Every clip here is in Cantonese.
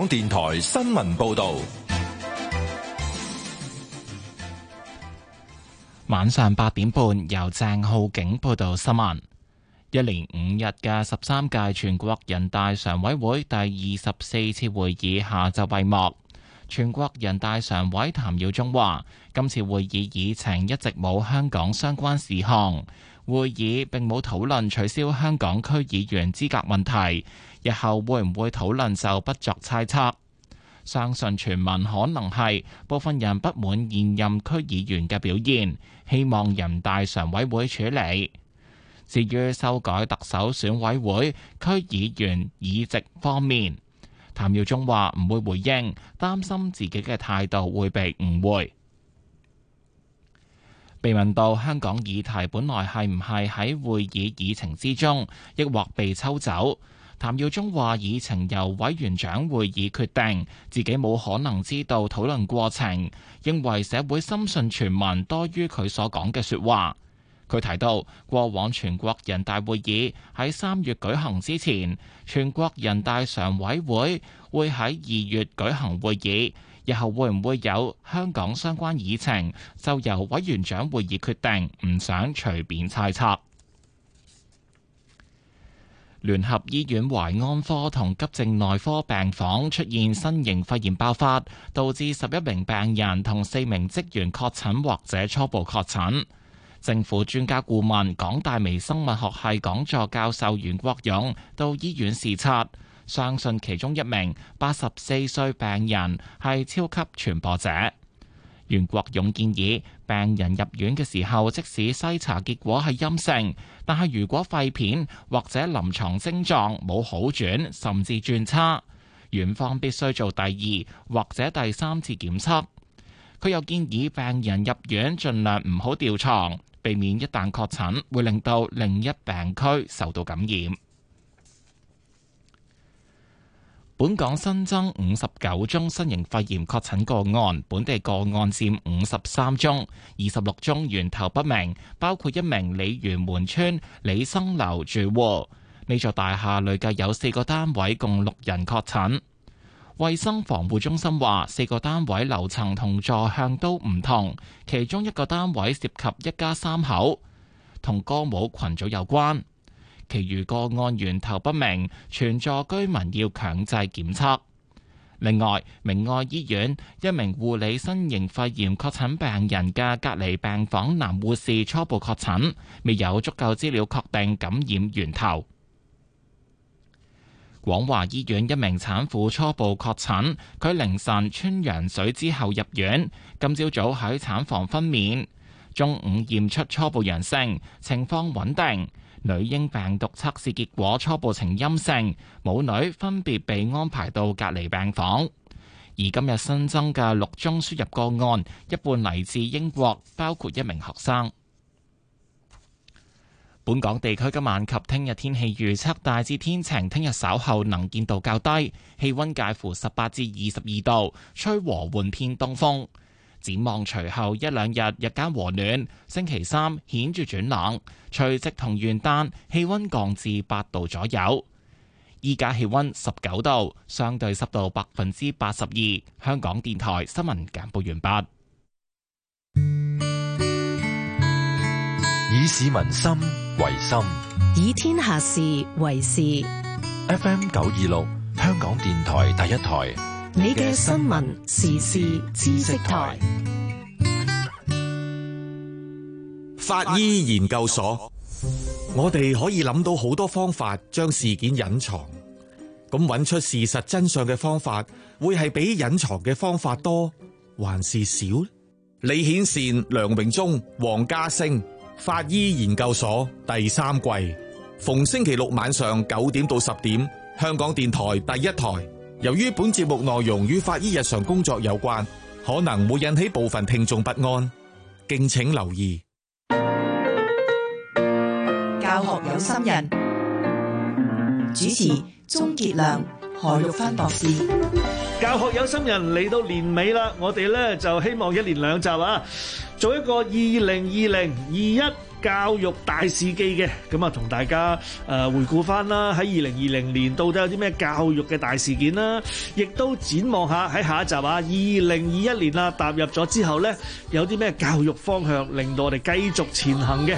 港電台新聞報道，晚上八點半由鄭浩景報道新聞。一連五日嘅十三屆全國人大常委會第二十四次會議下晝閉幕。全國人大常委譚耀宗話：今次會議議程一直冇香港相關事項，會議並冇討論取消香港區議員資格問題。日後會唔會討論，就不作猜測。相信傳聞可能係部分人不滿現任區議員嘅表現，希望人大常委會處理。至於修改特首選委會區議員議席方面，譚耀宗話唔會回應，擔心自己嘅態度會被誤會。被問到香港議題本來係唔係喺會議議程之中，抑或被抽走？譚耀宗話：議程由委員長會議決定，自己冇可能知道討論過程，認為社會深信傳聞多於佢所講嘅說話。佢提到過往全國人大會議喺三月舉行之前，全國人大常委會會喺二月舉行會議，日後會唔會有香港相關議程，就由委員長會議決定，唔想隨便猜測。聯合醫院懷安科同急症內科病房出現新型肺炎爆發，導致十一名病人同四名職員確診或者初步確診。政府專家顧問、港大微生物學系講座教授袁國勇到醫院視察，相信其中一名八十四歲病人係超級傳播者。袁國勇建議，病人入院嘅時候，即使篩查結果係陰性，但係如果肺片或者臨床症狀冇好轉，甚至轉差，院方必須做第二或者第三次檢測。佢又建議病人入院盡量唔好調床，避免一旦確診會令到另一病區受到感染。本港新增五十九宗新型肺炎確診個案，本地個案佔五十三宗，二十六宗源頭不明，包括一名鯉魚門村鯉生樓住戶。呢座大廈累計有四個單位共六人確診。衛生防護中心話，四個單位樓層同座向都唔同，其中一個單位涉及一家三口，同歌舞群組有關。其餘個案源頭不明，全座居民要強制檢測。另外，明愛醫院一名護理新型肺炎確診病人嘅隔離病房男護士初步確診，未有足夠資料確定感染源頭。廣華醫院一名產婦初步確診，佢凌晨穿羊水之後入院，今朝早喺產房分娩，中午驗出初步陽性，情況穩定。女嬰病毒測試結果初步呈陰性，母女分別被安排到隔離病房。而今日新增嘅六宗輸入個案，一半嚟自英國，包括一名學生。本港地區今晚及聽日天氣預測大致天晴，聽日稍後能見度較低，氣溫介乎十八至二十二度，吹和緩偏東風。展望隨後一兩日日間和暖，星期三顯著轉冷，除夕同元旦氣溫降至八度左右。依家氣溫十九度，相對濕度百分之八十二。香港電台新聞簡報完畢。以市民心為心，以天下事為事。FM 九二六，香港電台第一台。你嘅新聞時事知識台，法醫研究所，我哋可以諗到好多方法將事件隱藏，咁揾出事實真相嘅方法會係比隱藏嘅方法多還是少？李顯善、梁榮忠、黃家升，法醫研究所第三季，逢星期六晚上九點到十點，香港電台第一台。由於本節目內容與法醫日常工作有關，可能會引起部分聽眾不安。敬請留意。教學有心人，主持，鍾傑良、何玉芬博士。教學有心人，嚟到年尾啦，我哋呢，就希望一年兩集啊，做一個二零二零二一，教育大事記嘅。咁啊，同大家誒回顧返啦。喺二零二零年到底有啲咩教育嘅大事件啦，亦都展望下喺下一集啊，二零二一年啦，踏入咗之後咧，有啲咩教育方向令到我哋繼續前行嘅。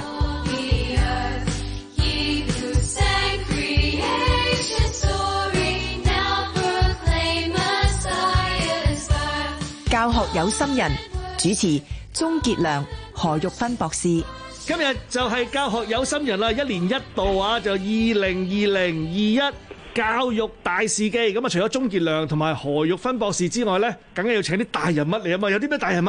教學有心人，主持鍾傑良、何玉芬博士。今日就係教學有心人啦！一年一度啊，就二零二零二一教育大事記。咁啊，除咗鍾傑良同埋何玉芬博士之外呢，梗係要請啲大人物嚟啊嘛！有啲咩大人物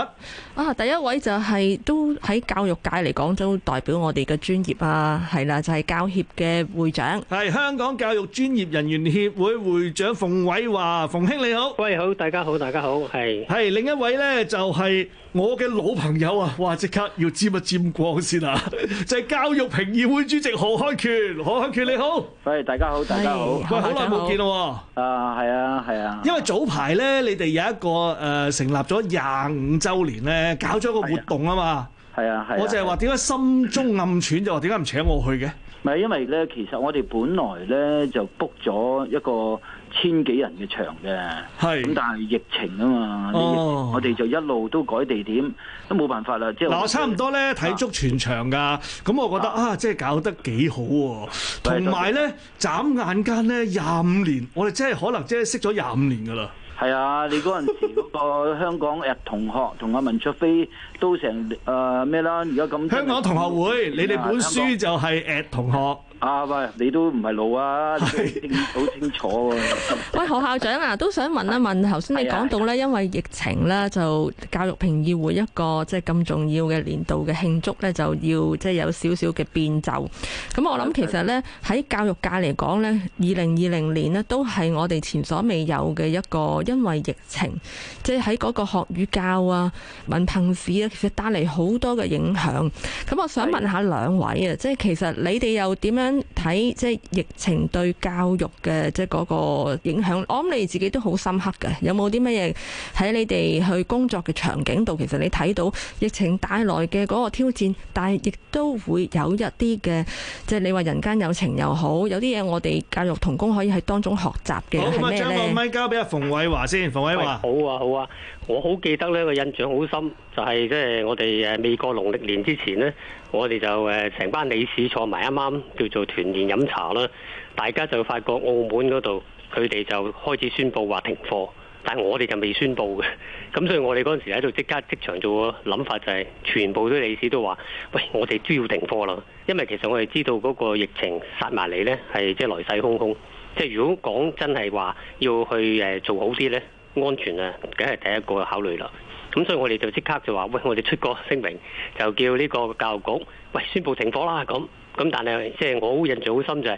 啊？第一位就係都喺教育界嚟講，都代表我哋嘅專業啊，係啦，就係教協嘅會長。係香港教育專業人員協會會長馮偉華，馮兄你好。喂，好，大家好，大家好，係。係另一位呢，就係。我嘅老朋友啊，哇！即刻要沾一沾光先啊！就係、是、教育評議會主席何漢權，何漢權你好，係大家好，大家好，喂、哎，好耐冇見咯，啊，係啊，係啊，因為早排咧，你哋有一個誒、呃、成立咗廿五周年咧，搞咗個活動啊嘛，係啊係、啊啊啊，我就係話點解心中暗喘就話點解唔請我去嘅？唔係因為咧，其實我哋本來咧就 book 咗一個。千幾人嘅場嘅，咁但係疫情啊嘛，我哋就一路都改地點，都冇辦法啦。即係嗱，我差唔多咧睇足全場㗎，咁我覺得啊，即係搞得幾好喎。同埋咧，眨眼間咧廿五年，我哋真係可能即係識咗廿五年㗎啦。係啊，你嗰陣時嗰個香港誒同學同阿文卓飛都成誒咩啦？而家咁香港同學會，你哋本書就係誒同學。啊喂！你都唔係老啊，好 清楚、啊、喂， 何校長啊，都想問一問頭先 你講到咧，因為疫情咧， 就教育評議會一個即係咁重要嘅年度嘅慶祝咧，就要即係有少少嘅變奏。咁我諗其實咧喺教育界嚟講咧，二零二零年咧都係我哋前所未有嘅一個，因為疫情，即係喺嗰個學與教啊、文憑試啊，其實帶嚟好多嘅影響，咁我想問下兩位啊，即 係其實你哋又點樣。睇即係疫情對教育嘅即係嗰個影響，我諗你自己都好深刻嘅。有冇啲乜嘢喺你哋去工作嘅場景度？其實你睇到疫情帶來嘅嗰個挑戰，但係亦都會有一啲嘅，即係你話人間有情又好，有啲嘢我哋教育同工可以喺當中學習嘅係咩咧？好，咁將個咪交俾阿馮偉華先，馮偉華。好啊，好啊。我好記得呢個印象好深，就係即係我哋誒未過農曆年之前呢，我哋就成班理事坐埋一啱叫做團年飲茶啦，大家就發覺澳門嗰度佢哋就開始宣佈話停課，但我哋就未宣佈嘅。咁所以我哋嗰陣時喺度即刻即場做個諗法就係、是，全部都理事都話，喂，我哋都要停課啦，因為其實我哋知道嗰個疫情殺埋你呢係即係來勢洶洶，即、就、係、是、如果講真係話要去做好啲呢。安全啊，梗係第一個考慮啦。咁所以我哋就即刻就話，喂，我哋出個聲明，就叫呢個教育局喂，宣佈停課啦。咁咁但係即係我好印象好深就係，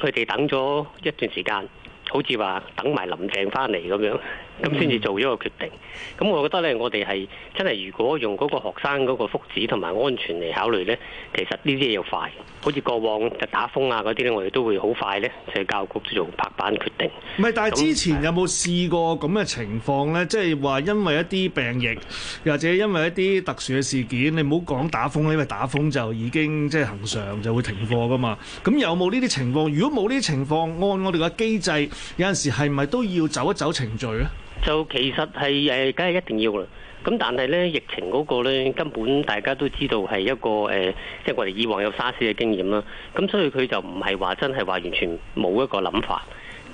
佢哋等咗一段時間。好似話等埋林鄭翻嚟咁樣，咁先至做咗個決定。咁我覺得咧，我哋係真係如果用嗰個學生嗰個福祉同埋安全嚟考慮咧，其實呢啲嘢要快。好似過往就打風啊嗰啲咧，我哋都會好快咧，就教育局做拍板決定。唔係，但係之前有冇試過咁嘅情況咧？即係話因為一啲病疫，或者因為一啲特殊嘅事件，你唔好講打風因為打風就已經即係、就是、恆常就會停課噶嘛。咁有冇呢啲情況？如果冇呢啲情況，按我哋嘅機制。有陣時係咪都要走一走程序咧？就其實係誒，梗係、呃、一定要啦。咁但係呢，疫情嗰個呢，根本大家都知道係一個誒，即係、呃、就是、我哋以往有沙士嘅經驗啦。咁所以佢就唔係話真係話完全冇一個諗法。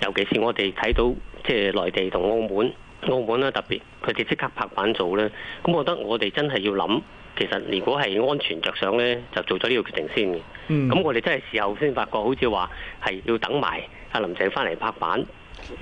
尤其是我哋睇到即係內地同澳門，澳門咧特別，佢哋即刻拍板做呢。咁我覺得我哋真係要諗。其實，如果係安全着想呢，就做咗呢個決定先嘅。咁、mm. 我哋真係事後先發覺，好似話係要等埋阿林鄭翻嚟拍板，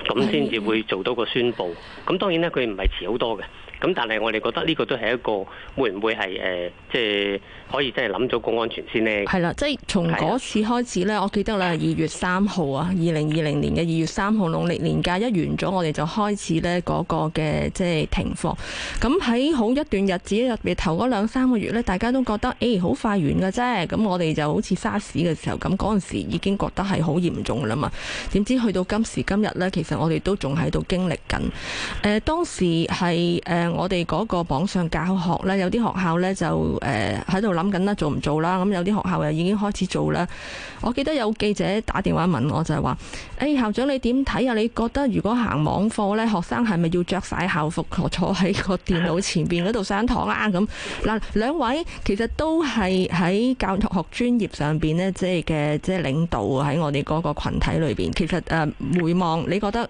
咁先至會做到個宣佈。咁當然呢，佢唔係遲好多嘅。咁、嗯、但係我哋覺得呢個都係一個會唔會係、呃、即係可以真係諗咗個安全先呢？係啦，即係從嗰次開始呢，我記得啦，二月三號啊，二零二零年嘅二月三號，農曆年假一完咗，我哋就開始呢嗰、嗰個嘅即係停課。咁喺好一段日子入面，頭嗰兩三個月呢，大家都覺得誒好、欸、快完㗎啫。咁我哋就好似沙士嘅時候咁，嗰陣時已經覺得係好嚴重啦嘛。點知去到今時今日呢，其實我哋都仲喺度經歷緊、呃。當當時係我哋嗰個網上教學呢，有啲學校呢就誒喺度諗緊啦，呃、做唔做啦？咁有啲學校又已經開始做啦。我記得有記者打電話問我，就係話：誒、欸、校長你點睇啊？你覺得如果行網課呢，學生係咪要着晒校服坐喺個電腦前邊嗰度上堂啊？咁嗱，兩位其實都係喺教育學、學專業上邊呢，即係嘅即係領導喺我哋嗰個羣體裏邊。其實誒、呃、回望，你覺得？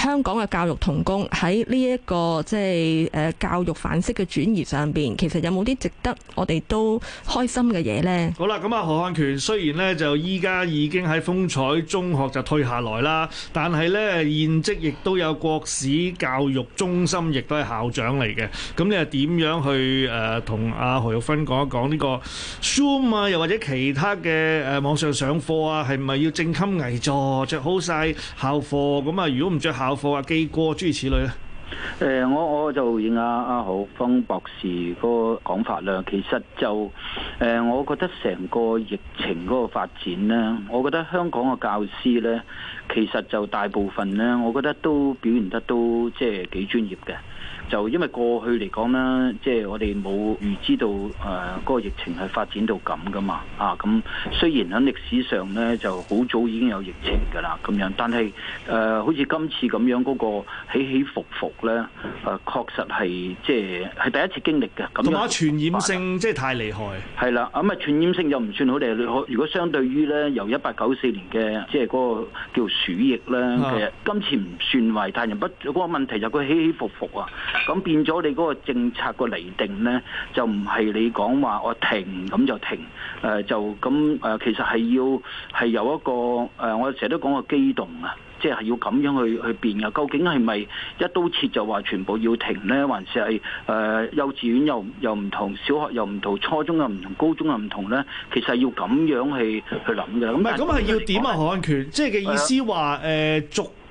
香港嘅教育同工喺呢一個即係誒教育反思嘅轉移上邊，其實有冇啲值得我哋都開心嘅嘢咧？好啦，咁啊何漢權雖然咧就依家已經喺風采中學就退下來啦，但係咧現職亦都有國史教育中心，亦都係校長嚟嘅。咁你又點樣去誒同阿何玉芬講一講呢個 Zoom 啊，又或者其他嘅誒、呃、網上上課啊，係咪要正襟危坐，着好晒校服咁啊？如果唔着校，有貨啊！基哥，諸如此類咧。誒，我我就應阿阿何玉芬博士個講法啦。其實就誒、呃，我覺得成個疫情嗰個發展呢，我覺得香港嘅教師呢，其實就大部分呢，我覺得都表現得都即係幾專業嘅。就因為過去嚟講呢，即係我哋冇預知到誒嗰個疫情係發展到咁噶嘛，啊咁雖然喺歷史上呢就好早已經有疫情噶啦，咁樣，但係誒好似今次咁樣嗰個起起伏伏呢，誒確實係即係係第一次經歷嘅。同埋傳染性即係太厲害。係啦，咁啊傳染性就唔算好厲害。如果相對於呢由一八九四年嘅即係嗰個叫鼠疫呢，其實今次唔算壞，太人不嗰個問題就佢起起伏伏啊。咁變咗你嗰個政策個釐定呢，就唔係你講話我停咁就停，呃、就咁、呃、其實係要係有一個、呃、我成日都講個機動啊，即係要咁樣去去變啊。究竟係咪一刀切就話全部要停呢？還是係誒、呃、幼稚園又又唔同，小學又唔同，初中又唔同，高中又唔同呢？其實要咁樣去去諗嘅。唔係咁係要點啊？何漢權即係嘅意思話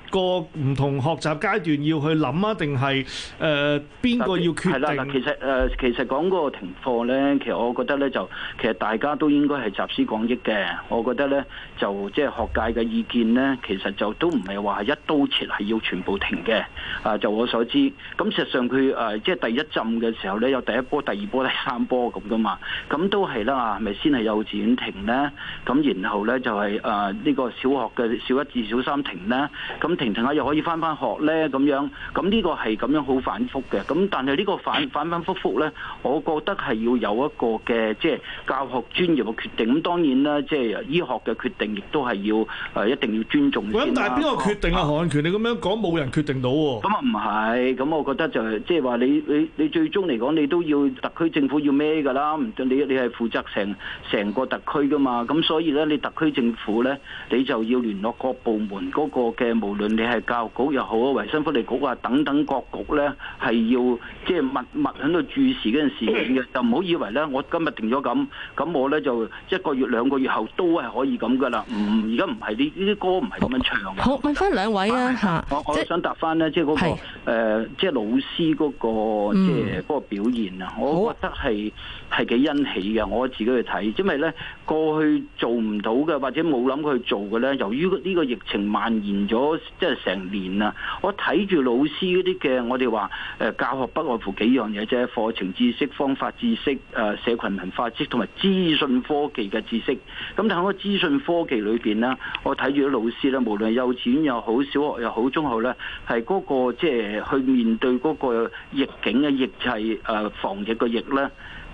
個唔同學習階段要去諗啊，定係誒邊個要決定？係啦，其實誒、呃，其實講個停課咧，其實我覺得咧，就其實大家都應該係集思廣益嘅。我覺得咧，就即係、就是、學界嘅意見咧，其實就都唔係話一刀切，係要全部停嘅。啊、呃，就我所知，咁實際上佢誒、呃，即係第一浸嘅時候咧，有第一波、第二波、第三波咁噶嘛。咁都係啦，係咪先係幼稚園停咧，咁然後咧就係誒呢個小學嘅小一至小三停咧，咁。停停下又可以翻翻學咧咁樣，咁呢個係咁樣好反覆嘅。咁但係呢個反反反复覆咧，我覺得係要有一個嘅即係教學專業嘅決定。咁當然啦，即係醫學嘅決定亦都係要一定要尊重嘅，咁但係邊個決定啊？何漢權你咁樣講冇人決定到喎、啊。咁啊唔係，咁我覺得就係即係話你你你最終嚟講你都要特區政府要咩㗎啦？你你係負責成成個特區㗎嘛？咁所以咧，你特區政府咧，你就要聯絡各部門嗰個嘅無論。你係教育局又好，衞生福利局啊等等各局咧，係要即係默默喺度注視嗰件事嘅，就唔好以為咧，我今日定咗咁，咁我咧就一個月兩個月後都係可以咁噶啦。唔而家唔係呢呢啲歌唔係咁樣唱。好，問翻兩位啊嚇、啊，即係想答翻咧，即係、嗰、嗰個是、呃、即係老師嗰、嗰個即係嗰、嗯嗰個、表現啊，我覺得係係幾欣喜嘅。我自己去睇，因為咧過去做唔到嘅，或者冇諗去做嘅咧，由於呢個疫情蔓延咗。即係成年啦，我睇住老師嗰啲嘅，我哋話誒教學不外乎幾樣嘢啫，課程知識、方法知識、誒社群文化知識同埋資訊科技嘅知識。咁但係個資訊科技裏邊咧，我睇住啲老師咧，無論係幼稚園又好、小學又好、中學咧，係嗰、嗰個即係、就係、去面對嗰個逆境嘅逆就係誒防疫嘅疫咧。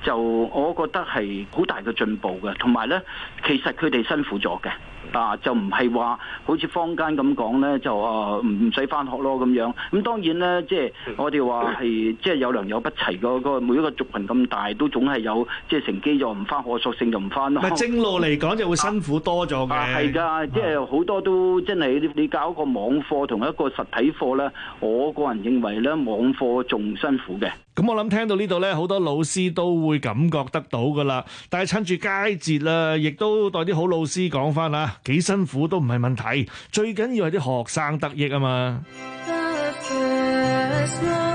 就我覺得係好大嘅進步嘅，同埋咧，其實佢哋辛苦咗嘅，啊，就唔係話好似坊間咁講咧，就啊唔唔使翻學咯咁樣，咁當然咧，即、就、係、是、我哋話係即係有良莠不齊個個每一個族群咁大，都總係有即係、就是、乘機就唔翻學，索性就唔翻咯。係正路嚟講就會辛苦多咗嘅，係、啊、噶，即係好多都真係你搞一個網課同一個實體課咧，我個人認為咧，網課仲辛苦嘅。咁我諗聽到呢度咧，好多老師都會感覺得到噶啦，但係趁住佳節啦，亦都代啲好老師講翻啊，幾辛苦都唔係問題，最緊要係啲學生得益啊嘛。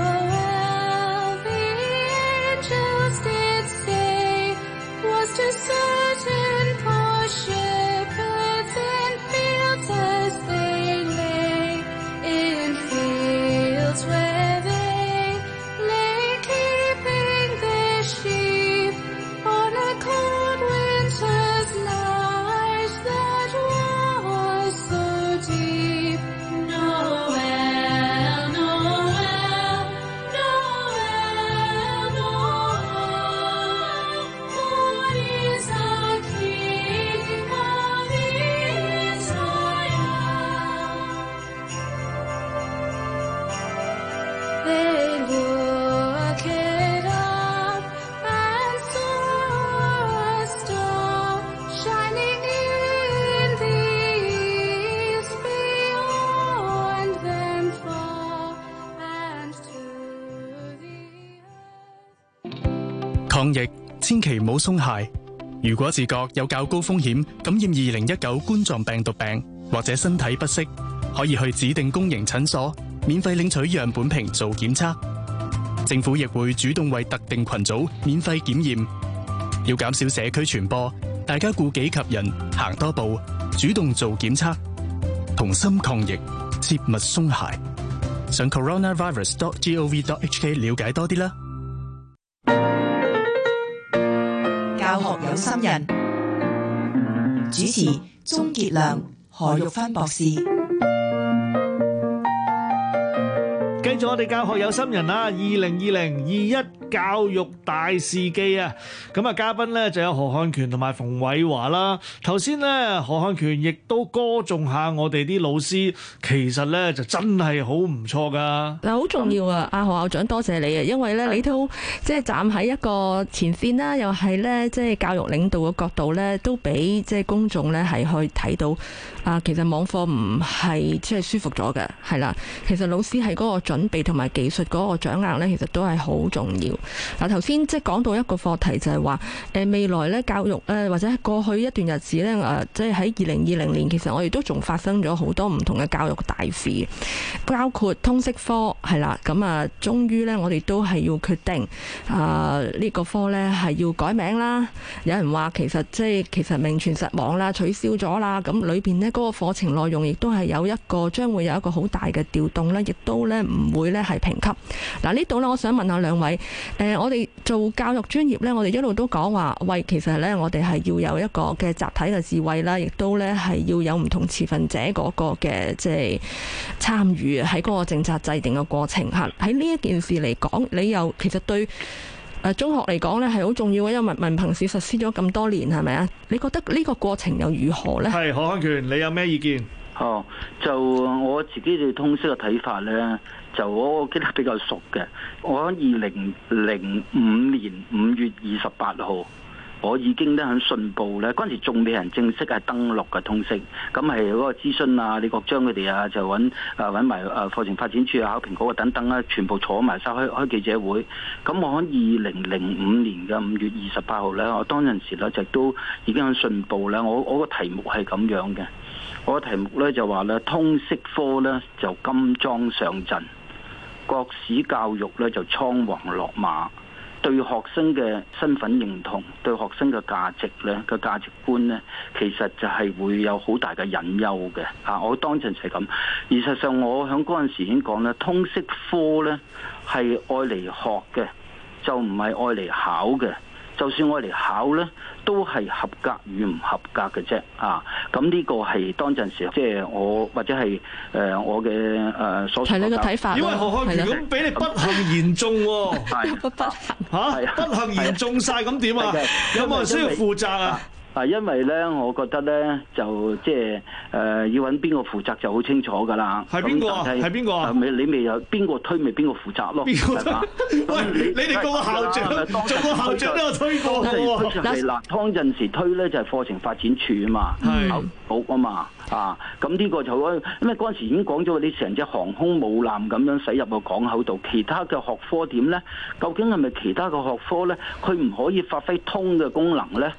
千祈唔好鬆懈。如果自覺有較高風險感染二零一九冠狀病毒病，或者身體不適，可以去指定公營診所免費領取樣本瓶做檢測。政府亦會主動為特定群組免費檢驗。要減少社區傳播，大家顧己及人，行多步，主動做檢測，同心抗疫，切勿鬆懈。上 coronavirus.gov.hk 了解多啲啦。有心人，主持鍾傑良、何玉芬博士，繼續我哋教學有心人啦！二零二零二一。教育大事記啊！咁啊，嘉賓呢就有何漢權同埋馮偉華啦。頭先呢，何漢權亦都歌頌下我哋啲老師，其實呢就真係好唔錯㗎。嗱，好重要啊！阿何校長，多謝你啊，因為呢，你都即係站喺一個前線啦，又係呢，即係教育領導嘅角度呢，都俾即係公眾呢係去睇到啊。其實網課唔係即係舒服咗嘅，係啦。其實老師係嗰個準備同埋技術嗰個掌握呢，其實都係好重要。嗱，頭先即係講到一個課題，就係話誒未來咧教育或者過去一段日子咧，誒即係喺二零二零年，其實我哋都仲發生咗好多唔同嘅教育大事，包括通識科係啦，咁啊終於咧我哋都係要決定啊呢、呢個科咧係要改名啦。有人話其實即係其實名存實亡啦，取消咗啦。咁裏邊呢，嗰個課程內容亦都係有一個將會有一個好大嘅調動咧，亦都咧唔會咧係評級。嗱呢度呢，我想問下兩位。誒、呃，我哋做教育專業呢，我哋一路都講話，喂，其實呢，我哋係要有一個嘅集體嘅智慧啦，亦都呢係要有唔同持份者嗰個嘅即係參與喺嗰個政策制定嘅過程嚇。喺呢一件事嚟講，你又其實對、呃、中學嚟講呢係好重要嘅，因為文憑試實施咗咁多年，係咪啊？你覺得呢個過程又如何呢？係何漢權，你有咩意見？哦，就我自己嘅通識嘅睇法呢。就我記得比較熟嘅，我喺二零零五年五月二十八號，我已經咧喺信報咧，嗰陣時仲未人正式係登陸嘅通識，咁係嗰個諮詢啊、李國章佢哋啊，就揾啊埋啊課程發展處啊、考評局啊等等啦、啊，全部坐埋晒開開記者會。咁我喺二零零五年嘅五月二十八號咧，我當陣時咧就都已經喺信報咧，我我個題目係咁樣嘅，我個題目咧就話咧通識科咧就金裝上陣。國史教育咧就倉皇落馬，對學生嘅身份認同、對學生嘅價值咧、個價值觀咧，其實就係會有好大嘅隱憂嘅。我當陣就係咁。事實上，我響嗰陣時已經講咧，通識科咧係愛嚟學嘅，就唔係愛嚟考嘅。就算我嚟考咧，都係合格與唔合格嘅啫啊！咁、嗯、呢、這個係當陣時，即、就、係、是、我或者係誒、呃、我嘅誒、呃、所。係你嘅睇法。因為何康何漢權咁俾你不幸言中喎，嚇不幸言中晒咁點啊？有冇人需要負責啊？啊啊，因為咧，我覺得咧，就即係誒，要揾邊個負責就好清楚噶啦。係邊個？係邊個？你未有邊個推，咪邊個負責咯？嘛喂當，你你哋個校長做個校長都我推過噶喎。嗱，當陣時推咧 就係、是、課程發展處啊嘛，好好啊嘛啊，咁呢個就可因為嗰陣時已經講咗，你成隻航空母艦咁樣駛入個港口度，其他嘅學科點咧，究竟係咪其他嘅學科咧，佢唔可以發揮通嘅功能咧？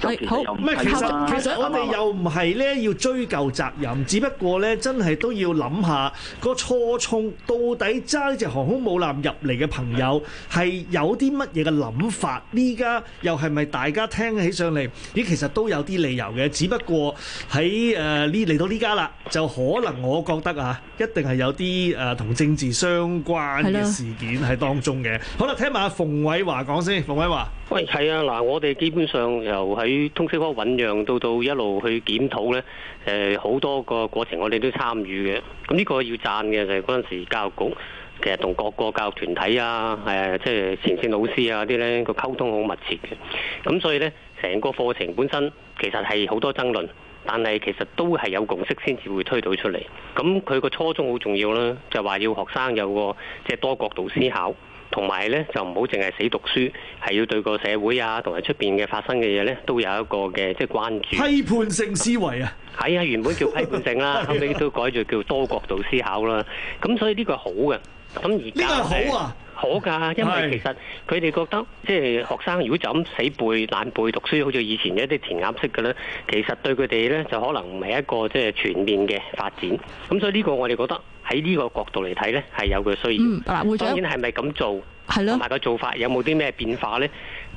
係，唔係其實其實我哋又唔係咧要追究責任，只不過咧真係都要諗下個初衷到底揸呢隻航空母艦入嚟嘅朋友係有啲乜嘢嘅諗法？呢家又係咪大家聽起上嚟？咦，其實都有啲理由嘅，只不過喺誒呢嚟到呢家啦，就可能我覺得啊，一定係有啲誒同政治相關嘅事件喺當中嘅。好啦，聽埋阿馮偉華講先，馮偉華。喂，係啊，嗱，我哋基本上又係。佢通識科醖釀到到一路去檢討呢，誒、呃、好多個過程我哋都參與嘅。咁呢個要讚嘅就係嗰陣時教育局其實同各個教育團體啊，誒即係前線老師啊啲呢個溝通好密切嘅。咁所以呢，成個課程本身其實係好多爭論，但係其實都係有共識先至會推到出嚟。咁佢個初衷好重要啦，就係話、是、要學生有個即係、就是、多角度思考。同埋咧就唔好淨係死讀書，係要對個社會啊同埋出邊嘅發生嘅嘢咧，都有一個嘅即係關注批判性思維啊！係啊、啊，原本叫批判性啦、 啊，後尾都改咗叫多角度思考啦。咁所以呢個係好嘅。咁而家係好啊，好㗎，因為其實佢哋覺得即係、就是、學生如果就咁死背懶背讀書，好似以前嘅一啲填鴨式嘅咧，其實對佢哋咧就可能唔係一個即係全面嘅發展。咁所以呢個我哋覺得。喺呢個角度嚟睇呢，係有佢嘅需要。嗯、當然係咪咁做？係咯。同埋個做法有冇啲咩變化呢？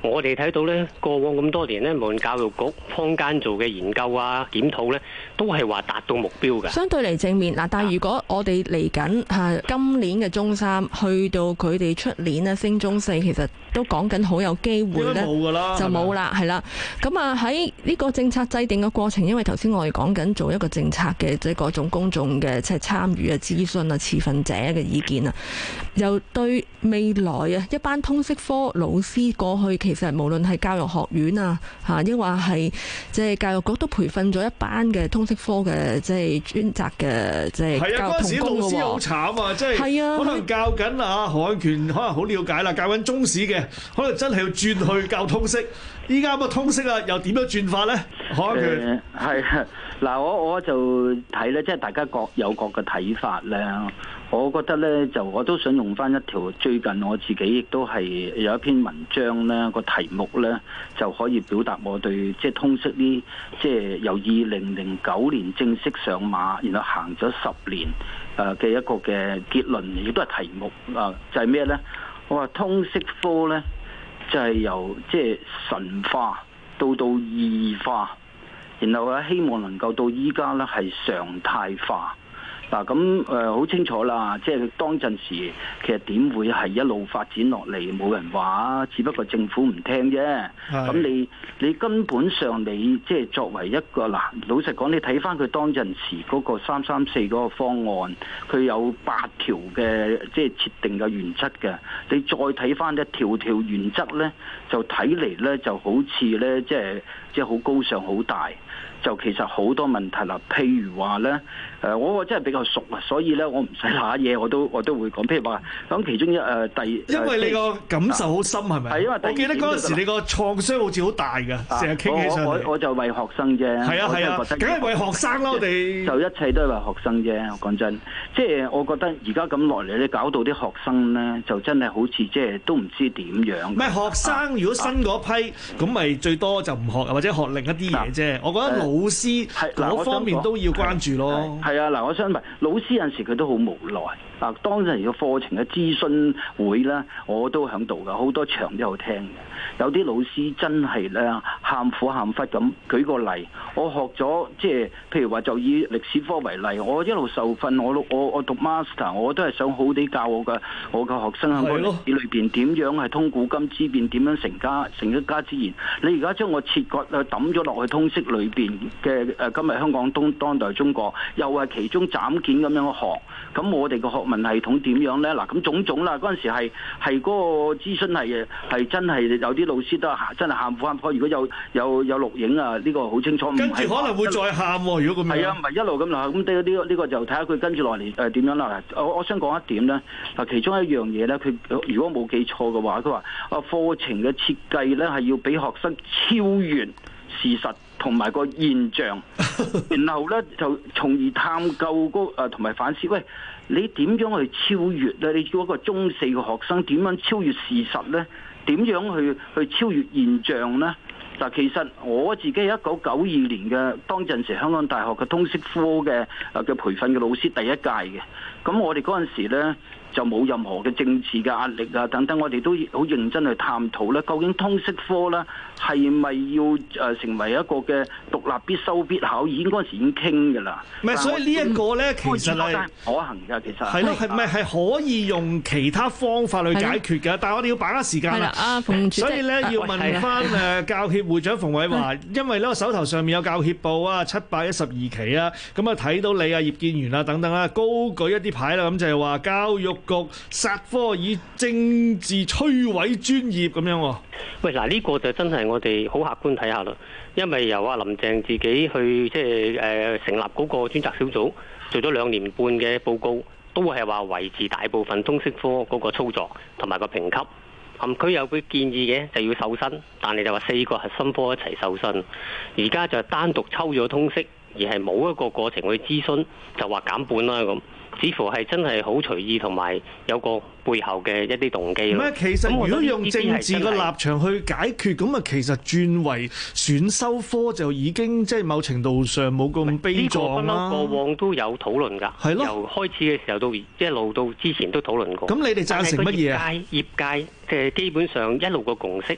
我哋睇到呢，過往咁多年呢，無論教育局坊間做嘅研究啊、檢討呢，都係話達到目標㗎。相對嚟正面嗱，但係如果我哋嚟緊嚇今年嘅中三，去到佢哋出年啊升中四，其實。都講緊好有機會呢就冇啦，係啦。咁啊喺呢個政策制定嘅過程，因為頭先我哋講緊做一個政策嘅即、係、各種公眾嘅即係參與啊、諮詢啊、持份者嘅意見啊，又對未來啊一班通識科老師過去其實無論係教育學院啊嚇，抑或係即教育局都培訓咗一班嘅通識科嘅即係專責嘅即係教同工嘅啊，老師好慘啊，即係可能教緊啊漢權，可能好了解啦，教緊中史嘅。可能真係要轉去教通識，依家咁通識啊，又點樣轉法呢？誒、呃，係嗱，我我就睇呢，即係大家各有各嘅睇法呢。我覺得呢，就我都想用翻一條最近我自己亦都係有一篇文章呢、那個題目呢，就可以表達我對即係、就是、通識呢，即、就、係、是、由二零零九年正式上馬，然後行咗十年誒嘅一個嘅結論，亦都係題目啊，就係、是、咩呢？我話通識科呢，就係由即係神化到到異化，然後啊，希望能夠到依家呢，係常態化。嗱咁誒，好清楚啦！即係當陣時，其實點會係一路發展落嚟，冇人話，只不過政府唔聽啫。咁你你根本上你即係作為一個嗱，老實講，你睇翻佢當陣時嗰個三三四嗰個方案，佢有八條嘅即係設定嘅原則嘅。你再睇翻一條條原則呢，就睇嚟呢就好似呢，即係即係好高尚、好大，就其實好多問題啦。譬如話呢。誒，我我真係比較熟啊，所以咧，我唔使下嘢，我都我都會講。譬如話，咁其中一誒第，因為你個感受好深係咪？係、啊、因為我記得嗰陣時，你個創傷好似好大嘅，成日傾起上來。我我，我就為學生啫。係啊係啊，梗係、啊、為學生啦，我哋就一切都係為學生啫。我講真，即、就、係、是、我覺得而家咁落嚟咧，你搞到啲學生咧，就真係好似即係都唔知點樣。咪學生如果新嗰批，咁咪最多就唔學，或者學另一啲嘢啫。我覺得老師嗰方面、啊啊、都要關注咯。係啊，嗱，我想問老師，有陣時佢都好無奈。嗱，當陣嘅課程嘅諮詢會咧，我都響度嘅，好多場都有聽。有啲老師真係咧，喊苦喊忽咁。舉個例，我學咗，即係譬如話，就以歷史科為例，我一路受訓，我我我讀 master，我都係想好啲教我嘅我嘅學生喺我書裏邊點樣係通古今之變，點樣成家成一家之言。你而家將我切割去抌咗落去通識裏邊嘅誒，今日香港、當當代中國又係。其中斬件咁樣學，咁我哋個學問系統點樣咧？嗱，咁種種啦，嗰陣時係係嗰個諮詢係係真係有啲老師都係真係喊苦喊忽，如果有有有錄影啊，呢、這個好清楚。跟住可能會再喊喎、啊，如果咁樣。係啊，唔係一路咁鬧，咁、這個這個、呢呢個呢個就睇下佢跟住落嚟誒點樣啦。我我想講一點咧，嗱，其中一樣嘢咧，佢如果冇記錯嘅話，佢話啊課程嘅設計咧係要俾學生超越事實。同埋個現象，然後呢就從而探究嗰同埋反思，喂，你點樣去超越呢？你叫一個中四嘅學生，點樣超越事實呢？點樣去去超越現象呢？嗱，其實我自己係一九九二年嘅當陣時，香港大學嘅通識科嘅誒嘅培訓嘅老師第一屆嘅，咁我哋嗰陣時呢。就冇任何嘅政治嘅壓力啊等等，我哋都好認真去探討咧。究竟通識科咧係咪要誒成為一個嘅獨立必修必考？已經嗰陣時已經傾㗎啦。唔係，所以呢一個咧其實係可行㗎。其實係咧，係咪係可以用其他方法去解決㗎？但係我哋要把握時間啦。阿馮，所以咧要問翻誒教協會長馮偉華，因為咧我手頭上面有教協報啊，七百一十二期啊，咁啊睇到你啊葉建源啊等等啊高舉一啲牌啦，咁就係話教育。國殺科以政治摧毀專業咁樣？喂，嗱、這、呢個就真係我哋好客觀睇下啦。因為由阿林鄭自己去即係誒成立嗰個專責小組，做咗兩年半嘅報告，都係話維持大部分通識科個操作同埋個評級。咁、嗯、佢有佢建議嘅，就要瘦身，但係就話四個核心科一齊瘦身。而家就單獨抽咗通識，而係冇一個過程去諮詢，就話減半啦咁。似乎係真係好隨意，同埋有，有個背後嘅一啲動機咯。其實如果用政治嘅立場去解決，咁啊其實轉為選修科就已經即係、就是、某程度上冇咁悲壯啦。呢過往都有討論㗎，由開始嘅時候到一路到之前都討論過。咁你哋贊成乜嘢啊？業界即係基本上一路個共識。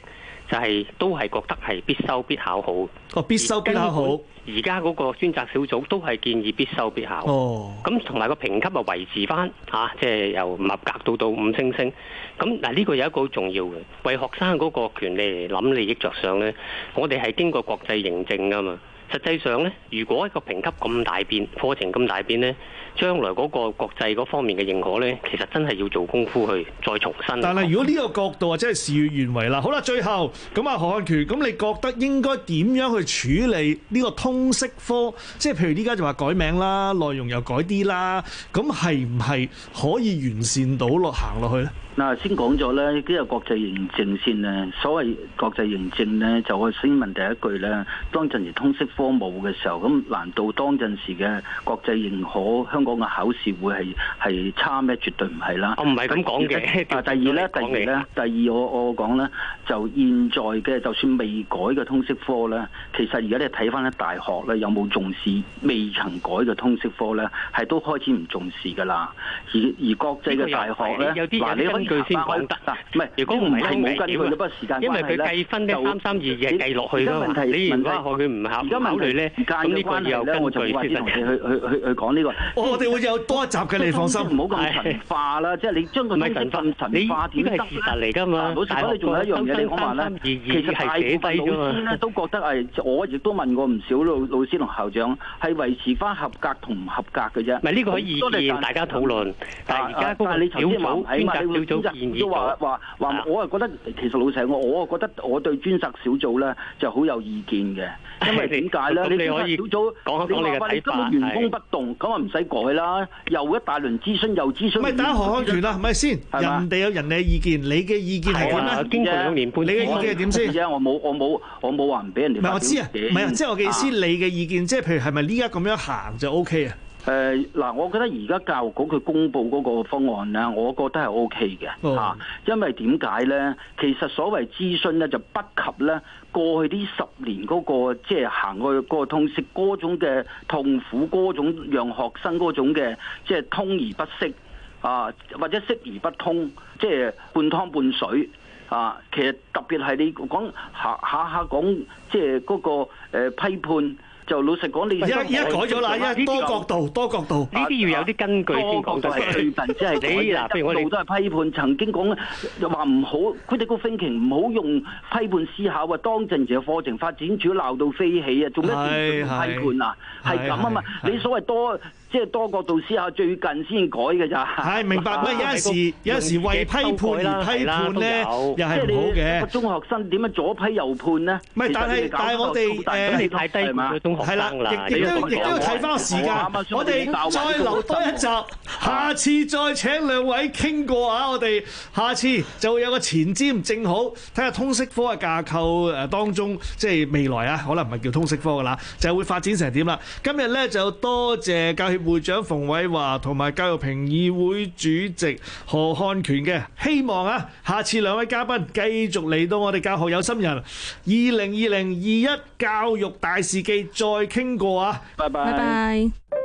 就係、是、都係覺得係必修必考好、哦，必修必考好。而家嗰個專責小組都係建議必修必考。哦，咁同埋個評級啊維持翻嚇，即、啊、係、就是、由唔合格到到五星星。咁嗱，呢個有一個好重要嘅，為學生嗰個權利嚟諗利益着想咧，我哋係經過國際認證噶嘛。實際上咧，如果一個評級咁大變，課程咁大變咧，將來嗰個國際嗰方面嘅認可咧，其實真係要做功夫去再重申。但係如果呢個角度或者係事與願違啦。好啦，最後咁啊，何漢權，咁你覺得應該點樣去處理呢個通識科？即係譬如依家就話改名啦，內容又改啲啦，咁係唔係可以完善到落行落去咧？嗱，先講咗咧，呢個國際認證先咧。所謂國際認證咧，就我先問第一句咧。當陣時通識科冇嘅時候，咁難道當陣時嘅國際認可香港嘅考試會係係差咩？絕對唔係啦。我唔係咁講嘅。啊，第二咧， 第二咧，第二我我講咧，就現在嘅就算未改嘅通識科咧，其實而家你睇翻咧大學咧有冇重視未曾改嘅通識科咧，係都開始唔重視噶啦。而而國際嘅大學咧，嗱、這個、你可以句先講得，唔、啊、係如果唔係冇緊要咁多時間，因為佢計分咧，三三二二計落去啦嘛，你如果佢唔合考慮咧，咁呢個問題，咧我就去去去講呢、這個，哦、我哋會有多一集嘅。你放心，唔好咁神化啦，即、哎、係你將佢知識神化，點呢個係事實嚟㗎嘛。老實講，你仲有一樣嘢你講話咧，3, 2, 2, 2, 其實大部分老師、嗯、都覺得係，我亦都問過唔少老老師同校長，係維持翻合格同唔合格嘅啫。唔係呢個可以意見大家討論、啊，但係而家嗰個表就都話話話，我係覺得其實老實講，我我係覺得我對專責小組咧就好有意見嘅。因為點解咧？你專責小組講下講你嘅睇法，咁都原封不動，咁啊唔使改啦。又一大輪諮詢，又諮詢。咪打何康團啦，咪先。人哋有人哋嘅意見，你嘅意見係點咧？經過兩年半，你嘅意見係點先？我冇我冇我冇話唔俾人哋。唔係我知、嗯、我啊，唔係啊，即係我嘅意思，你嘅意見即係譬如係咪呢家咁樣行就 OK 啊？誒、呃、嗱，我覺得而家教育局佢公布嗰個方案咧，我覺得係 O K 嘅嚇，因為點解咧？其實所謂諮詢咧，就不及咧過去啲十年嗰、那個即係、就是、行去過通識嗰種嘅痛苦種，嗰種讓學生嗰種嘅即係通而不息，啊，或者適而不通，即、就、係、是、半湯半水啊。其實特別係你講下下下講即係嗰個、呃、批判。就老實講，你依家依家改咗啦，依家多角度多角度，呢啲、啊、要有啲根據、啊啊。多角度係論證，即係你嗱、啊，一、就是、都係批判。曾經講又話唔好，佢哋個 thinking 唔好用批判思考啊。當陣時嘅課程發展主要鬧到飛起啊，做咩一定要批判啊？係咁啊嘛，係係你所謂多。 即係多角度思考，最近先改嘅咋。係、啊、明白，唔係有時有時為批判而批判咧、啊，又係唔好嘅。個中學生點樣左批右判呢？唔但係但係我哋你太低啦，係、呃、啦，亦都亦都要睇翻個時間。啊、我哋再留多一集、啊，下次再請兩位傾過啊！我哋下次就會有個前瞻，正好睇下通識科嘅架構誒當中，即係未來啊，可能唔係叫通識科噶啦，就會發展成點啦。今日咧就多謝教協會長馮偉華同埋教育評議會主席何漢權嘅，希望啊，下次兩位嘉賓繼續嚟到我哋教學有心人，二零二零二一教育大事記再傾過啊！拜拜，拜拜。